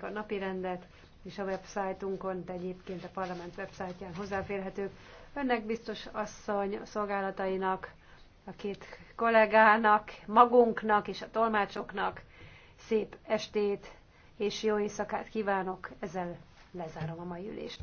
a napi rendet, és a websájtunkon, de egyébként a parlament websájtján hozzáférhetők. Önnek biztos asszony, szolgálatainak, a két kollégának, magunknak és a tolmácsoknak szép estét és jó éjszakát kívánok. Ezzel lezárom a mai ülést.